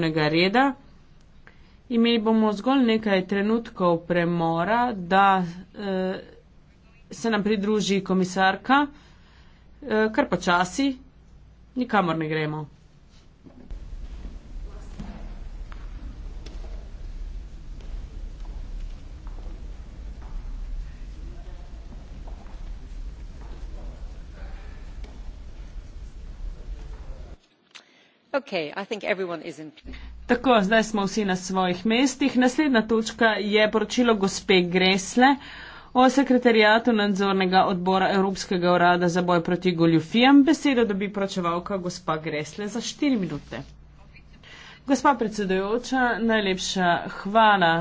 vrstnega reda. Imeli bomo zgolj nekaj trenutkov premora, da eh, se nam pridruži komisarka, eh, kar počasi, nikamor ne gremo. Tako, zdaj smo vsi na svojih mestih. Naslednja točka je poročilo gospe Gresle o sekretarijatu nadzornega odbora Evropskega urada za boj proti goljufijam. Besedo dobi pročevalka gospa Gresle za 4 minute. Gospa predsedujoča, najlepša hvala.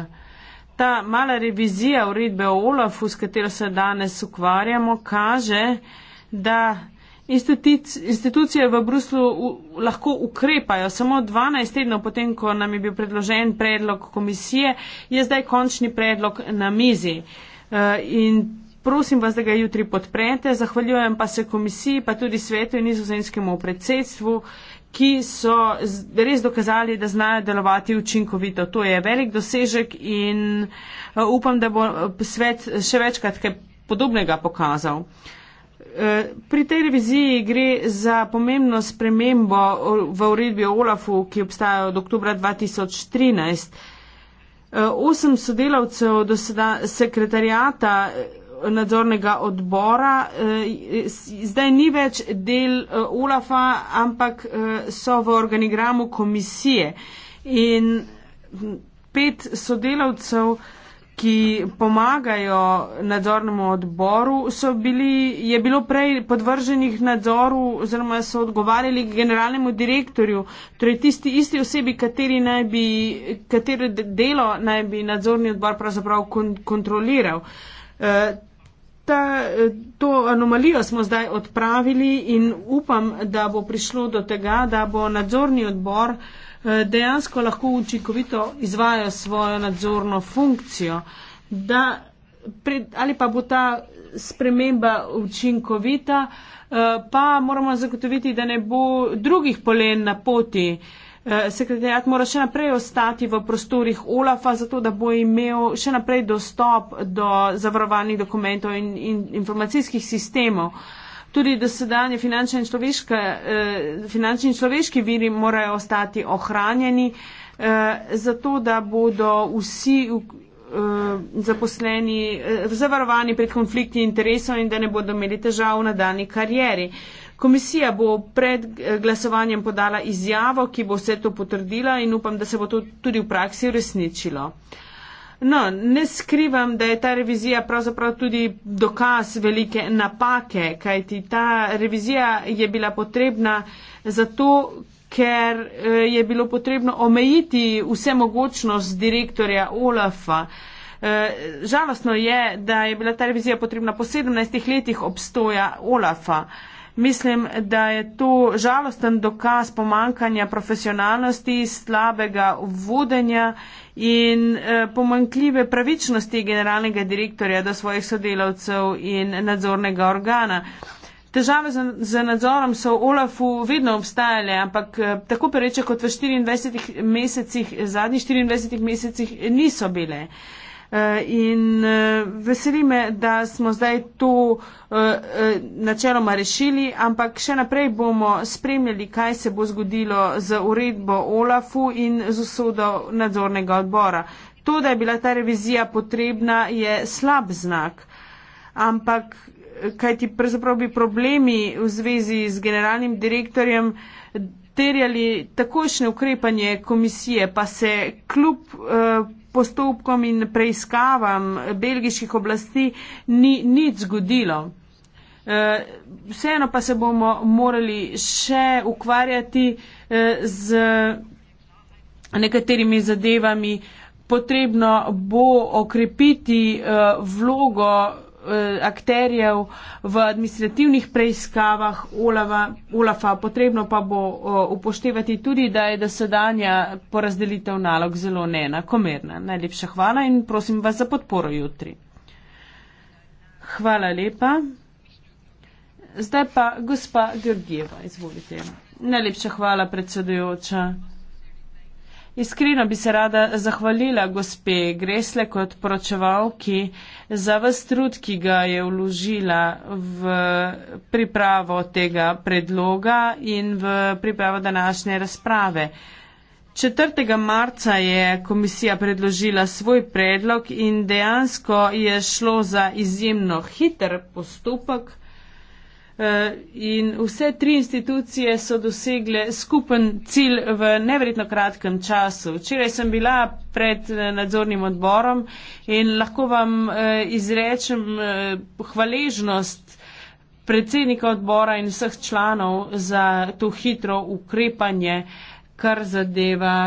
Ta mala revizija uredbe OLAF, s katero se danes ukvarjamo, kaže, da institucije v Bruslu lahko ukrepajo. Samo 12 tednov potem, ko nam je bil predložen predlog komisije, je zdaj končni predlog na mizi. Eh, in prosim vas, da ga jutri podprete. Zahvaljujem pa se komisiji, pa tudi svetu in nizozemskemu predsedstvu, ki so res dokazali, da znajo delovati učinkovito. To je velik dosežek in eh, upam, da bo svet še večkrat podobnega pokazal. Uh, pri tej reviziji gre za pomembno spremembo v uredbi o Olafu, ki obstaja od oktobra 2013. Osem sodelavcev do sedaj sekretarijata eh, nadzornega odbora eh, zdaj ni več del eh, Olafa, ampak so v organigramu komisije. In hm, pet sodelavcev uh, ki pomagajo nadzornemu odboru, bili, je bilo prej podvrženih nadzoru oziroma so odgovarjali generalnemu direktorju, torej tisti isti osebi, naj bi, katero delo naj bi nadzorni odbor pravzaprav kon, kontroliral. E, ta, to anomalijo smo zdaj odpravili in upam, da bo prišlo do tega, da bo nadzorni odbor Eh, dejansko lahko učinkovito izvajo svojo nadzorno funkcijo. Da, pred, ali pa bo ta sprememba učinkovita, eh, pa moramo zagotoviti, da ne bo drugih polen na poti. Eh, Sekretarjat mora še naprej ostati v prostorih OLAF-a, zato da bo imel še naprej dostop do zavarovalnih dokumentov in, in informacijskih sistemov. Uh, tudi dosedanje finančne in človeške, eh, finančni in človeški viri morajo ostati ohranjeni, eh, zato da bodo vsi eh, zaposleni eh, zavarovani pred konflikti interesov in da ne bodo imeli težav v nadaljni karieri. Komisija bo pred eh, glasovanjem podala izjavo, ki bo vse to potrdila in upam, da se bo to tudi v praksi uresničilo. Uh, No, ne skrivam, da je ta revizija pravzaprav tudi dokaz velike napake, kajti ta revizija je bila potrebna zato, ker eh, je bilo potrebno omejiti vse mogočnost direktorja Olafa. Eh, žalostno je, da je bila ta revizija potrebna po 17 letih obstoja Olafa. Mislim, da je to žalosten dokaz pomankanja profesionalnosti, slabega vodenja in eh, pomankljive pravičnosti generalnega direktorja do svojih sodelavcev in nadzornega organa. Težave z nadzorom so v Olafu vedno obstajale, ampak eh, tako pereče kot v 24 mesecih, zadnjih 24 mesecih niso bile. Eh, in eh, veseli me, da smo zdaj to eh, načeloma rešili, ampak še naprej bomo spremljali, kaj se bo zgodilo z uredbo OLAF-u in z usodo nadzornega odbora. To, da je bila ta revizija potrebna, je slab znak. Ampak kaj ti pravzaprav bi problemi v zvezi z generalnim direktorjem terjali takošne ukrepanje komisije, pa se kljub uh, postopkom in preiskavam belgijskih oblasti ni nič zgodilo. Eh, vseeno pa se bomo morali še ukvarjati eh, z nekaterimi zadevami. Potrebno bo okrepiti eh, vlogo eh, akterjev v administrativnih preiskavah Olava, Olafa. Potrebno pa bo eh, upoštevati tudi, da je dosedanja porazdelitev nalog zelo neenakomerna. Najlepša hvala in prosim vas za podporo jutri. Hvala lepa. Zdaj pa gospa Georgieva, izvolite. Najlepša hvala, predsedujoča. Iskreno bi se rada zahvalila gospe Gresle kot poročevalki za vse trud, ki ga je vložila v pripravo tega predloga in v pripravo današnje razprave. 4. marca je komisija predložila svoj predlog in dejansko je šlo za izjemno hiter postopek. Eh, in vse tri institucije so dosegle skupen cilj v neverjetno kratkem času. Včeraj sem bila pred eh, nadzornim odborom in lahko vam eh, izrečem hvaležnost predsednika odbora in vseh članov za to hitro ukrepanje, kar zadeva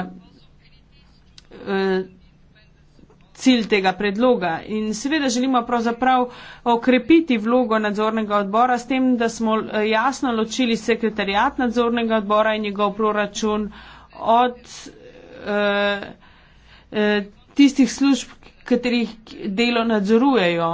cilj tega predloga. In seveda želimo pravzaprav okrepiti vlogo nadzornega odbora s tem, da smo eh, jasno ločili sekretarijat nadzornega odbora in njegov proračun od eh, eh, tistih služb, katerih delo nadzorujejo.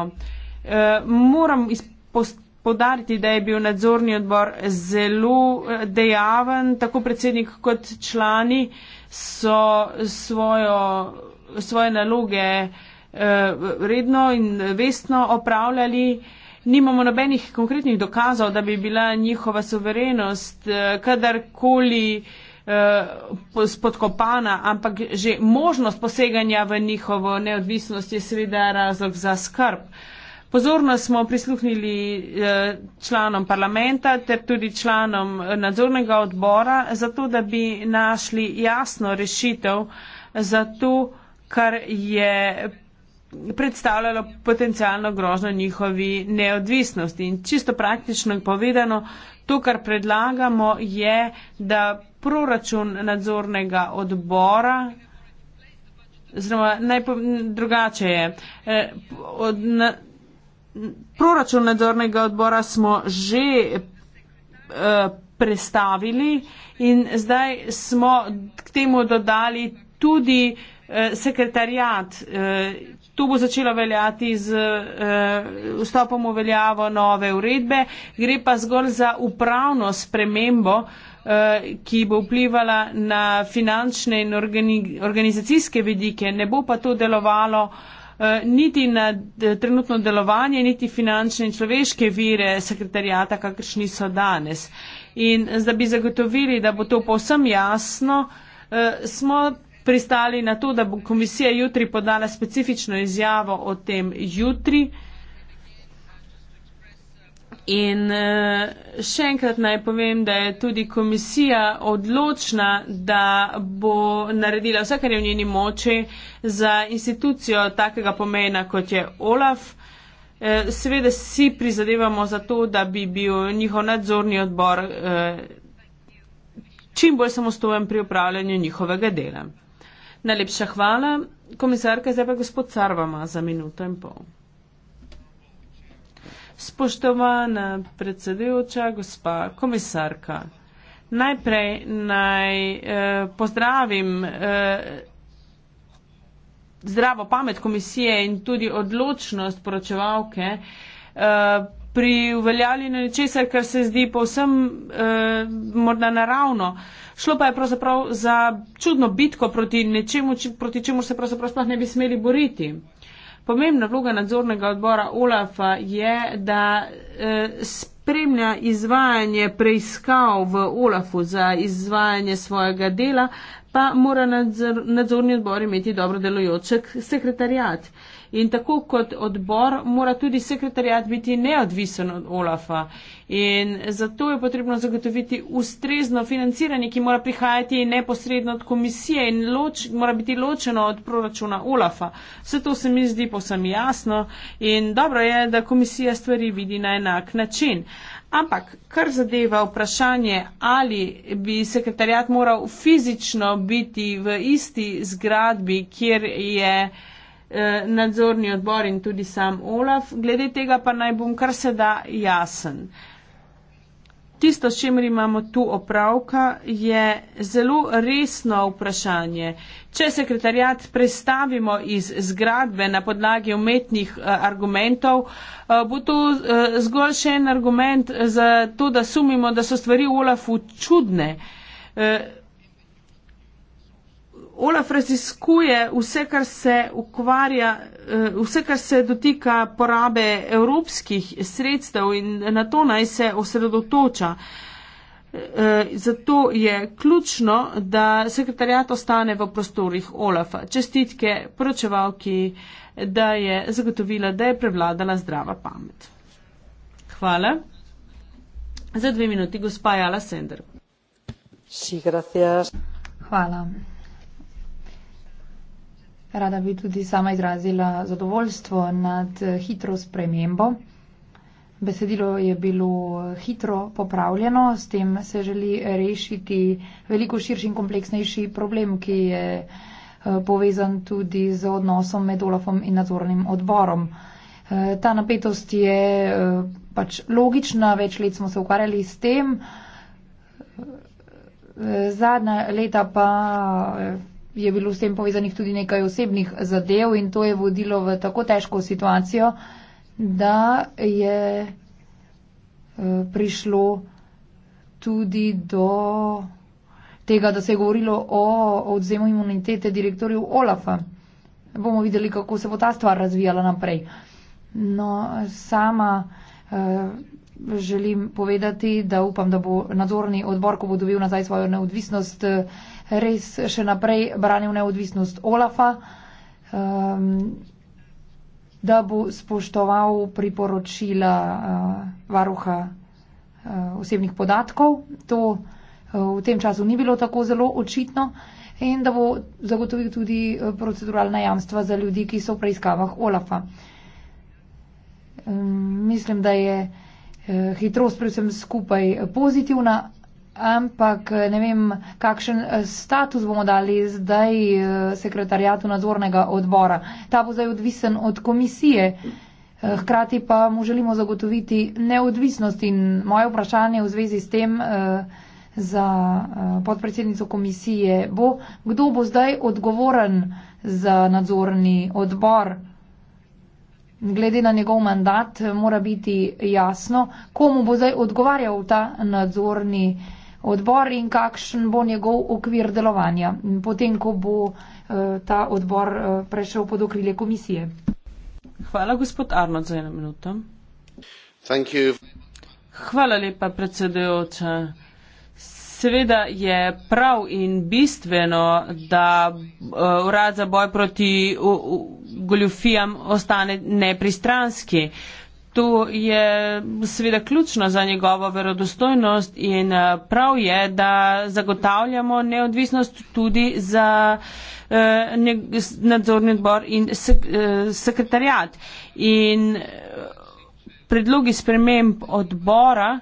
Eh, moram izpostaviti. Podariti, da je bil nadzorni odbor zelo eh, dejaven, tako predsednik kot člani so svojo svoje naloge uh, redno in vestno opravljali. Nimamo nobenih konkretnih dokazov, da bi bila njihova suverenost uh, kadarkoli uh, spodkopana, ampak že možnost poseganja v njihovo neodvisnost je seveda razlog za skrb. Pozorno smo prisluhnili članom parlamenta ter tudi članom nadzornega odbora, zato da bi našli jasno rešitev za to, kar je predstavljalo potencijalno grožno njihovi neodvisnosti. In čisto praktično povedano, to, kar predlagamo, je, da proračun nadzornega odbora, oziroma drugače je, eh, od, na, proračun nadzornega odbora smo že eh, prestavili in zdaj smo k temu dodali tudi uh, Eh, sekretarijat. Eh, to bo začelo veljati z eh, vstopom v veljavo nove uredbe. Gre pa zgolj za upravno spremembo, ki bo vplivala na finančne in organizacijske vedike. Ne bo pa to delovalo niti na trenutno delovanje, niti finančne in človeške vire sekretarijata, kakršni so danes. In da bi zagotovili, da bo to povsem jasno, smo pristali na to, da bo komisija jutri podala specifično izjavo o tem jutri. In eh, še enkrat naj povem, da je tudi komisija odločna, da bo naredila vse, kar je v njeni moči za institucijo takega pomena, kot je OLAF. Eh, seveda si prizadevamo za to, da bi bil njihov nadzorni odbor eh, čim bolj samostojen pri upravljanju njihovega dela. Najlepša hvala, komisarka, zdaj pa gospod Carvama za minuto in pol. Spoštovana predsedujoča, gospa komisarka, najprej naj eh, pozdravim eh, zdravo pamet komisije in tudi odločnost poročevalke. Eh, pri uveljavljanju nečesa, kar se zdi povsem eh, morda naravno. Šlo pa je pravzaprav za čudno bitko proti nečemu, či, proti čemu se pravzaprav sploh ne bi smeli boriti. Pomembna vloga nadzornega odbora OLAF-a je, da eh, spremlja izvajanje preiskav v OLAF-u za izvajanje svojega dela, pa mora nadzor, nadzorni odbor imeti dobro delujoček sekretarijat. Eh, In tako kot odbor mora tudi sekretarjat biti neodvisen od OLAFA. In zato je potrebno zagotoviti ustrezno financiranje, ki mora prihajati neposredno od komisije in loč, mora biti ločeno od proračuna OLAFA. Vse to se mi zdi posem jasno in dobro je, da komisija stvari vidi na enak način. Ampak, kar zadeva vprašanje, ali bi sekretarjat moral fizično biti v isti zgradbi, kjer je. Eh, nadzorni odbor in tudi sam Olaf. Glede tega pa naj bom kar se da jasen. Tisto, s čimer imamo tu opravka, je zelo resno vprašanje. Če sekretarjat predstavimo iz zgradbe na podlagi umetnih eh, argumentov, eh, bo to zgolj še en argument za to, da sumimo, da so stvari v Olafu čudne. Olaf raziskuje vse, kar se ukvarja, eh, vse, kar se dotika porabe evropskih sredstev in na to naj se osredotoča. Eh, zato je ključno, da sekretarjat ostane v prostorih Olafa. Čestitke poročevalki, da je zagotovila, da je prevladala zdrava pamet. Hvala. Za dve minuti gospa Jala Sender. Sí, Hvala. Rada bi tudi sama izrazila zadovoljstvo nad hitro spremembo. Besedilo je bilo hitro popravljeno, s tem se želi rešiti veliko širši in kompleksnejši problem, ki je eh, povezan tudi z odnosom med Olafom in nadzornim odborom. Eh, ta napetost je eh, pač logična, več let smo se ukvarjali s tem. Zadnja leta pa je bilo s tem povezanih tudi nekaj osebnih zadev in to je vodilo v tako težko situacijo, da je eh, prišlo tudi do tega, da se je govorilo o odzemu imunitete direktorju Olafa. Bomo videli, kako se bo ta stvar razvijala naprej. No, sama. Eh, želim povedati, da upam, da bo nadzorni odbor, ko bo dobil nazaj svojo neodvisnost, res še naprej branil neodvisnost Olafa, ehm, da bo spoštoval priporočila eh, varuha eh, osebnih podatkov. To eh, v tem času ni bilo tako zelo očitno in da bo zagotovil tudi proceduralna jamstva za ljudi, ki so v preiskavah Olafa. Ehm, mislim, da je Eh, hitrost pri vsem skupaj pozitivna, ampak eh, ne vem, kakšen eh, status bomo dali zdaj sekretarjatu nadzornega odbora. Ta bo zdaj odvisen od komisije. Hkrati pa mu želimo zagotoviti neodvisnost in moje vprašanje v zvezi s tem za podpredsednico komisije bo, kdo bo zdaj odgovoren za nadzorni odbor glede na njegov mandat, eh, mora biti jasno, komu bo zdaj odgovarjal ta nadzorni odbor in kakšen bo njegov okvir delovanja, potem, ko bo eh, ta odbor eh, prešel pod okrilje komisije. Hvala, gospod Arnold, za eno minuto. Hvala lepa, predsedujoča. Seveda je prav in bistveno, da eh, urad za boj proti goljufijam ostane nepristranski. To je seveda ključno za njegovo verodostojnost in eh, prav je, da zagotavljamo neodvisnost tudi za eh, nadzorni odbor in sekretarjat. In predlogi sprememb odbora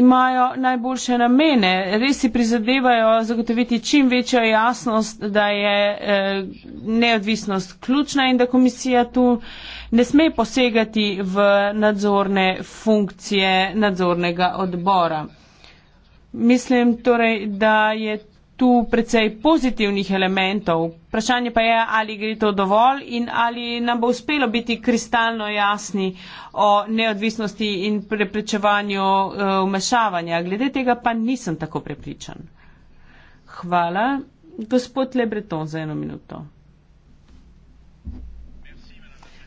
imajo najboljše namene. Res si prizadevajo zagotoviti čim večjo jasnost, da je eh, neodvisnost ključna in da komisija tu ne sme posegati v nadzorne funkcije nadzornega odbora. Mislim torej, da je tu precej pozitivnih elementov. Vprašanje pa je, ali gre to dovolj in ali nam bo uspelo biti kristalno jasni o neodvisnosti in preprečevanju eh, vmešavanja. Glede tega pa nisem tako prepričan. Hvala. Gospod Lebreton za eno minuto.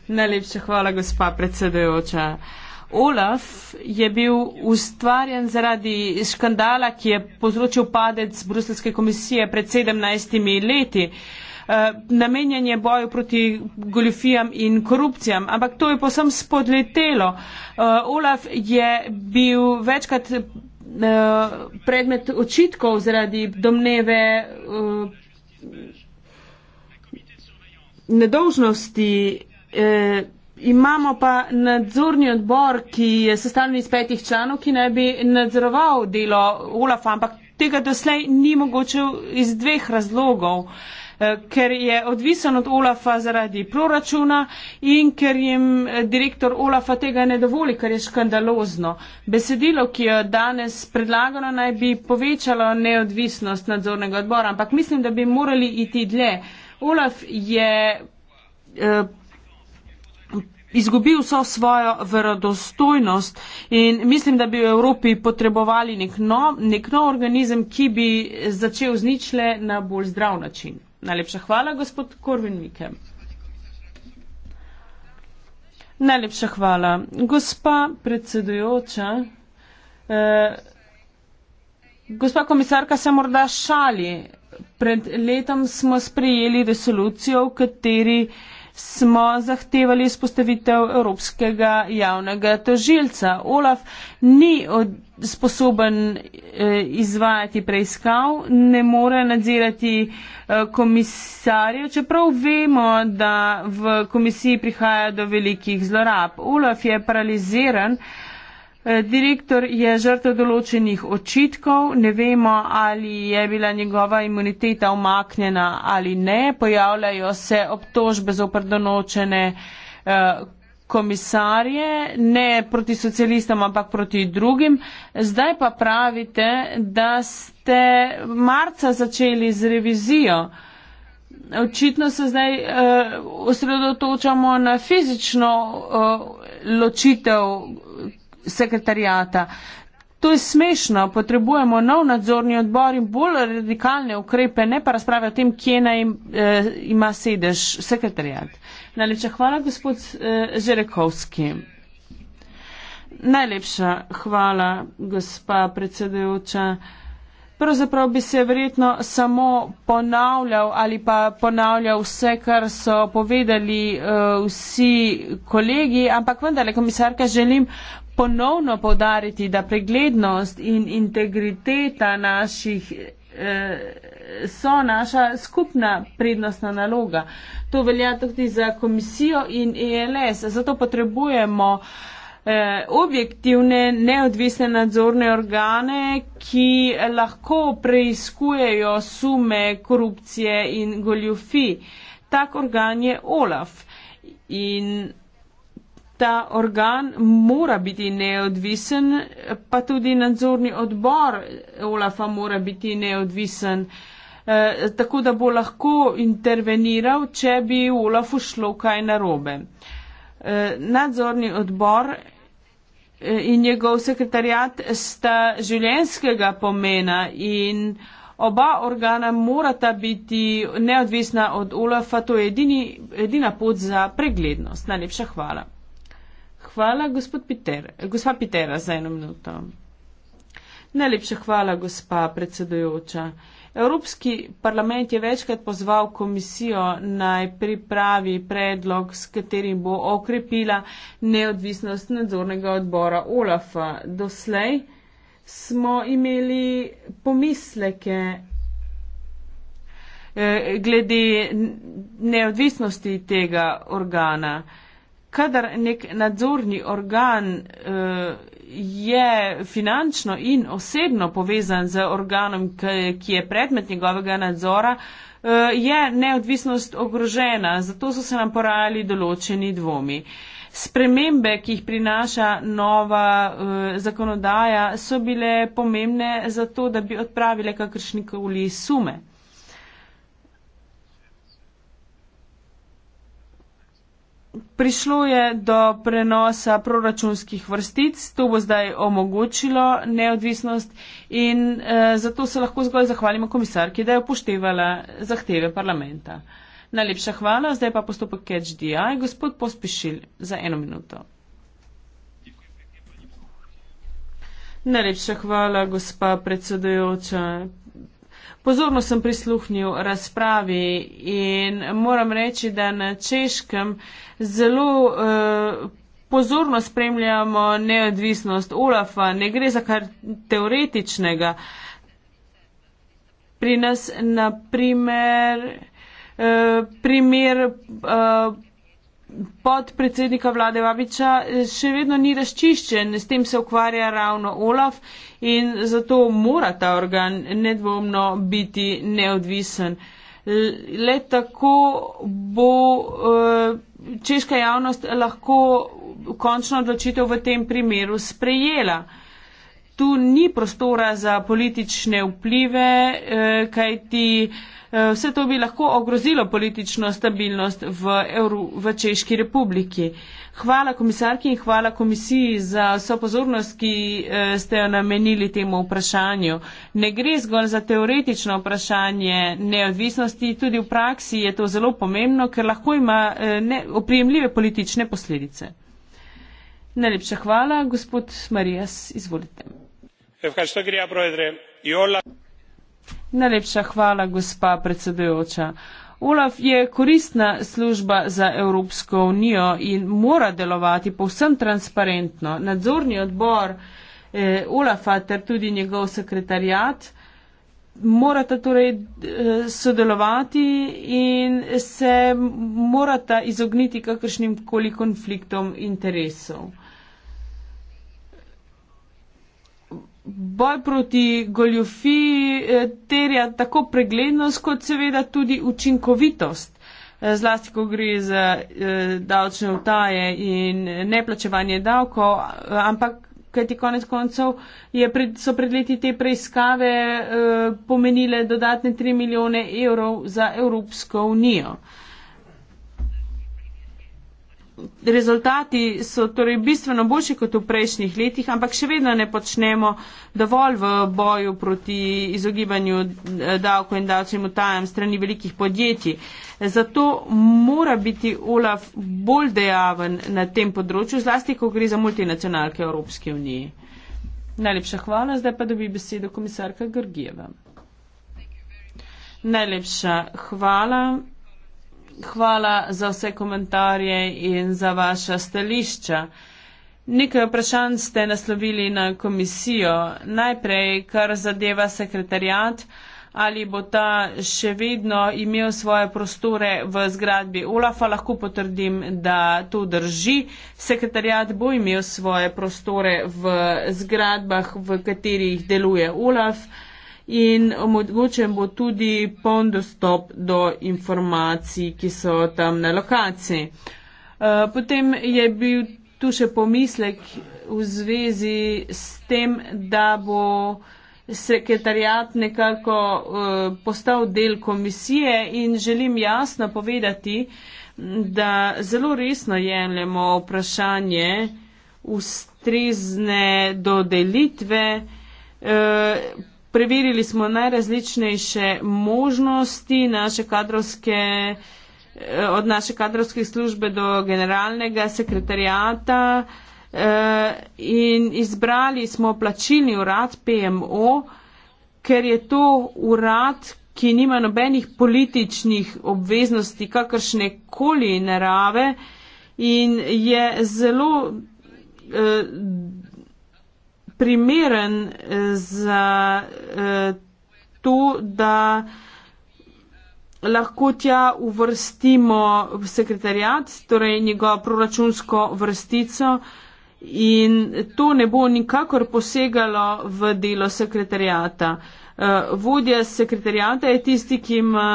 Najlepša hvala, gospa predsedujoča. Olaf je bil ustvarjen zaradi škandala, ki je povzročil padec Bruselske komisije pred 17 leti. Eh, Namenjen je boju proti goljofijam in korupcijam, ampak to je posem spodletelo. Eh, Olaf je bil večkrat eh, predmet očitkov zaradi domneve nedolžnosti Imamo pa nadzorni odbor, ki je sestavljen iz petih članov, ki naj bi nadzoroval delo Olafa, ampak tega doslej ni mogoče iz dveh razlogov. Eh, ker je odvisen od Olafa zaradi proračuna in ker jim direktor Olafa tega ne dovoli, kar je škandalozno. Besedilo, ki je danes predlagano, naj bi povečalo neodvisnost nadzornega odbora, ampak mislim, da bi morali iti dlje. Olaf je. Eh, izgubil vso svojo verodostojnost in mislim, da bi v Evropi potrebovali nek nov, nek nov organizem, ki bi začel z ničle na bolj zdrav način. Najlepša hvala, gospod Korvin Mike. Najlepša hvala. Gospa predsedujoča, eh, gospa komisarka se morda šali. Pred letom smo sprejeli resolucijo, v kateri eh, smo zahtevali spostavitev Evropskega javnega tožilca. Olaf ni sposoben eh, izvajati preiskav, ne more nadzirati eh, komisarjev, čeprav vemo, da v komisiji prihaja do velikih zlorab. Olaf je paraliziran. Eh, direktor je žrtev določenih očitkov, ne vemo, ali je bila njegova imuniteta omaknjena ali ne. Pojavljajo se obtožbe za oprdonočene eh, komisarje, ne proti socialistom, ampak proti drugim. Zdaj pa pravite, da ste marca začeli z revizijo. Očitno se zdaj uh, osredotočamo na fizično uh, ločitev sekretarijata. To je smešno, potrebujemo nov nadzorni odbor in bolj radikalne ukrepe, ne pa razprave o tem, kje naj eh, ima sedež sekretarijat. Najlepša hvala, gospod eh, Žerekovski. Najlepša hvala, gospa predsedujoča. Pravzaprav bi se verjetno samo ponavljal ali pa ponavljal vse, kar so povedali uh, vsi kolegi, ampak vendarle, komisarka, želim ponovno povdariti, da preglednost in integriteta naših eh, so naša skupna prednostna naloga. To velja tudi za komisijo in ELS. Zato potrebujemo eh, objektivne, neodvisne nadzorne organe, ki lahko preiskujejo sume korupcije in goljufi. Tak organ je OLAF. In Ta organ mora biti neodvisen, pa tudi nadzorni odbor Olafa mora biti neodvisen, e, tako da bo lahko interveniral, če bi Olafu šlo kaj narobe. E, nadzorni odbor e, in njegov sekretarjat sta življenskega pomena in oba organa morata biti neodvisna od Olafa, to je edini, edina pot za preglednost. Najlepša hvala hvala, Piter, gospa Pitera, za eno minuto. Najlepša hvala, gospa predsedujoča. Evropski parlament je večkrat pozval komisijo naj pripravi predlog, s katerim bo okrepila neodvisnost nadzornega odbora OLAF-a. Doslej smo imeli pomisleke eh, glede neodvisnosti tega organa kadar nek nadzorni organ eh, je finančno in osebno povezan z organom, ki je predmet njegovega nadzora, eh, je neodvisnost ogrožena. Zato so se nam porajali določeni dvomi. Spremembe, ki jih prinaša nova uh, zakonodaja, so bile pomembne zato, da bi odpravile kakršnikoli sume. Prišlo je do prenosa proračunskih vrstic, to bo zdaj omogočilo neodvisnost in e, zato se lahko zgolj zahvalimo komisarki, da je upoštevala zahteve parlamenta. Najlepša hvala, zdaj pa postopek CHDI. Gospod Pospišil, za eno minuto. Najlepša hvala, gospa predsedujoča. Pozorno sem prisluhnil razpravi in moram reči, da na češkem zelo eh, pozorno spremljamo neodvisnost Olafa. Ne gre za kar teoretičnega. Pri nas, naprimer, primer. Eh, eh, podpredsednika vlade Vabiča še vedno ni razčiščen, s tem se ukvarja ravno Olaf in zato mora ta organ nedvomno biti neodvisen. Le tako bo eh, češka javnost lahko končno odločitev v tem primeru sprejela tu ni prostora za politične vplive, eh, kajti eh, vse to bi lahko ogrozilo politično stabilnost v, Euro, v Češki republiki. Hvala komisarki in hvala komisiji za vso pozornost, ki eh, ste jo namenili temu vprašanju. Ne gre zgolj za teoretično vprašanje neodvisnosti, tudi v praksi je to zelo pomembno, ker lahko ima oprijemljive politične posledice. Najlepša hvala. Gospod Marijas, izvolite. Najlepša hvala, gospa predsedujoča. Olaf je koristna služba za Evropsko unijo in mora delovati povsem transparentno. Nadzorni odbor eh, Olafa ter tudi njegov sekretarjat eh, morata torej eh, sodelovati in se morata izogniti kakršnim koli konfliktom interesov. Boj proti goljofiji eh, terja tako preglednost, kot seveda tudi učinkovitost, eh, zlasti, ko gre za davčne vtaje in neplačevanje davkov, ampak kajti konec koncev pred, so pred leti te preiskave uh, pomenile dodatne 3 milijone evrov za Evropsko unijo. Uh, rezultati so torej bistveno boljši kot v prejšnjih letih, ampak še vedno ne počnemo dovolj v boju proti izogibanju eh, davko in davčnim utajam strani velikih podjetij. Zato mora biti Olaf bolj dejaven na tem področju, zlasti, ko gre za multinacionalke Evropske unije. Najlepša hvala, zdaj pa dobi besedo komisarka Grgijeva. Najlepša hvala hvala za vse komentarje in za vaša stališča. Nekaj vprašanj ste naslovili na komisijo. Najprej, kar zadeva sekretarijat, ali bo ta še vedno imel svoje prostore v zgradbi Olafa, lahko potrdim, da to drži. Sekretarijat bo imel svoje prostore v zgradbah, v katerih deluje Olaf in omogočen bo tudi poln dostop do informacij, ki so tam na lokaciji. Eh, potem je bil tu še pomislek v zvezi s tem, da bo sekretarjat nekako eh, postal del komisije in želim jasno povedati, da zelo resno jemljemo vprašanje ustrezne dodelitve. Eh, Preverili smo najrazličnejše možnosti naše kadrovske, eh, od naše kadrovske službe do generalnega sekretarijata eh, in izbrali smo plačilni urad PMO, ker je to urad, ki nima nobenih političnih obveznosti kakršne koli narave in je zelo eh, primeren eh, za eh, to, da lahko tja uvrstimo sekretarjat, torej njegovo proračunsko vrstico in to ne bo nikakor posegalo v delo sekretarjata. Eh, vodja sekretarjata je tisti, ki ima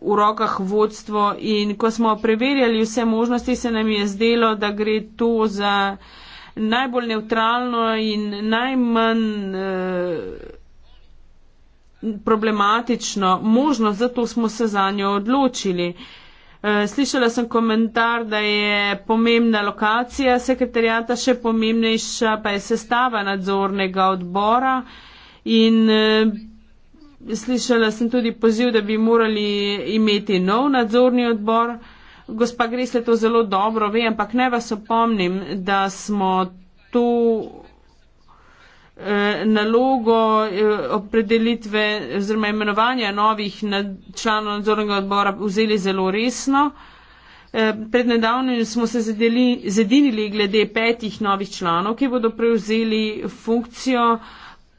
v rokah vodstvo in ko smo preverjali vse možnosti, se nam je zdelo, da gre to za najbolj neutralno in najmanj eh, problematično možnost, zato smo se za njo odločili. Eh, slišala sem komentar, da je pomembna lokacija sekretarijata, še pomembnejša pa je sestava nadzornega odbora in eh, slišala sem tudi poziv, da bi morali imeti nov nadzorni odbor gospa Grisle to zelo dobro ve, ampak ne vas opomnim, da smo tu eh, nalogo eh, opredelitve oziroma imenovanja novih članov nadzornega odbora vzeli zelo resno. Eh, pred nedavnim smo se zedili, zedinili glede petih novih članov, ki bodo prevzeli funkcijo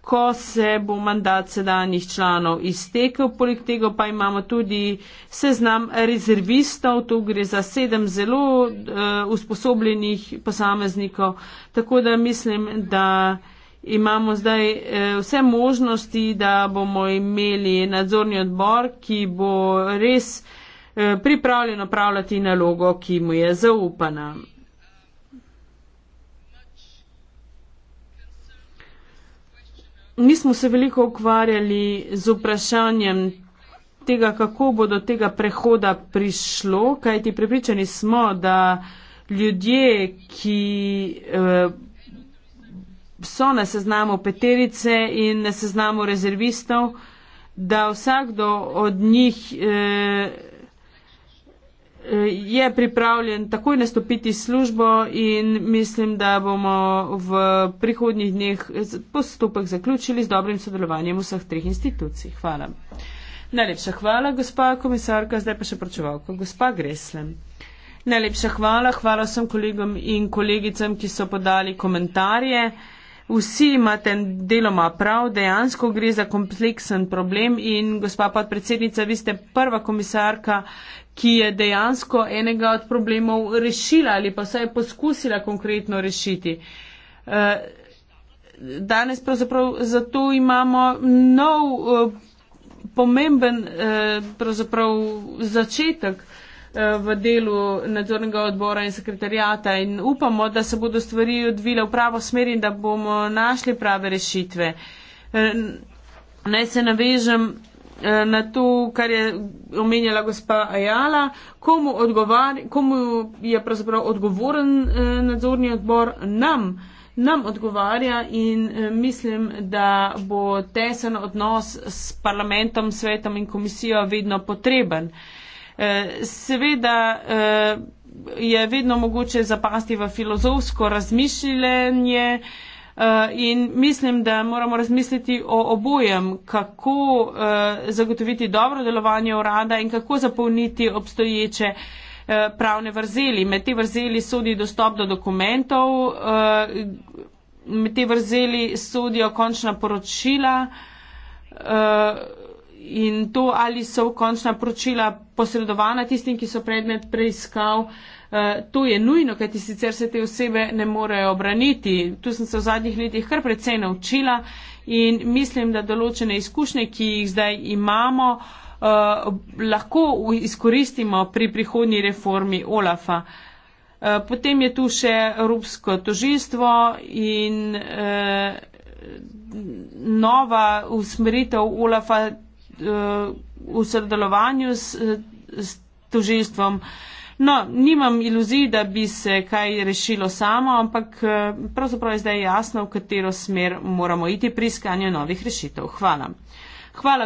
ko se bo mandat sedanjih članov iztekel. Poleg tega pa imamo tudi seznam rezervistov, tu gre za sedem zelo uh, usposobljenih posameznikov, tako da mislim, da imamo zdaj uh, vse možnosti, da bomo imeli nadzorni odbor, ki bo res uh, pripravljen opravljati nalogo, ki mu je zaupana. mi smo se veliko ukvarjali z vprašanjem tega, kako bo do tega prehoda prišlo, kajti prepričani smo, da ljudje, ki eh, so na seznamu peterice in na seznamu rezervistov, da vsakdo od njih. Eh, je pripravljen takoj nastopiti službo in mislim, da bomo v prihodnjih dneh postopek zaključili z dobrim sodelovanjem vseh treh institucij. Hvala. Najlepša hvala, gospa komisarka, zdaj pa še pročevalka, gospa Greslem. Najlepša hvala, hvala vsem kolegom in kolegicam, ki so podali komentarje. Vsi imate deloma prav, dejansko gre za kompleksen problem in gospa podpredsednica, vi ste prva komisarka, ki je dejansko enega od problemov rešila ali pa vsaj poskusila konkretno rešiti. Eh, danes pravzaprav zato imamo nov eh, pomemben eh, pravzaprav začetek v delu nadzornega odbora in sekretarijata in upamo, da se bodo stvari odvile v pravo smer in da bomo našli prave rešitve. Naj se navežem Eh, na to, kar je omenjala gospa Ajala, komu, komu je pravzaprav odgovoren eh, nadzorni odbor, nam, nam odgovarja in eh, mislim, da bo tesen odnos s parlamentom, svetom in komisijo vedno potreben. Seveda je vedno mogoče zapasti v filozofsko razmišljanje, Eh, in mislim, da moramo razmisliti o obojem, kako eh, zagotoviti dobro delovanje urada in kako zapolniti obstoječe eh, pravne vrzeli. Med te vrzeli sodi dostop do dokumentov, med te vrzeli sodijo končna poročila in to, ali so končna poročila posredovana tistim, ki so predmet preiskav, eh, to je nujno, kajti sicer se te osebe ne morejo obraniti. Tu sem se v zadnjih letih kar precej naučila in mislim, da določene izkušnje, ki jih zdaj imamo, eh, lahko izkoristimo pri prihodnji reformi OLAFA. Eh, potem je tu še Evropsko tožilstvo in eh, nova usmeritev OLAFA v sodelovanju s, s tožilstvom. No, nimam iluzij, da bi se kaj rešilo samo, ampak eh, pravzaprav je zdaj jasno, v katero smer moramo iti pri iskanju novih rešitev. Hvala. Hvala.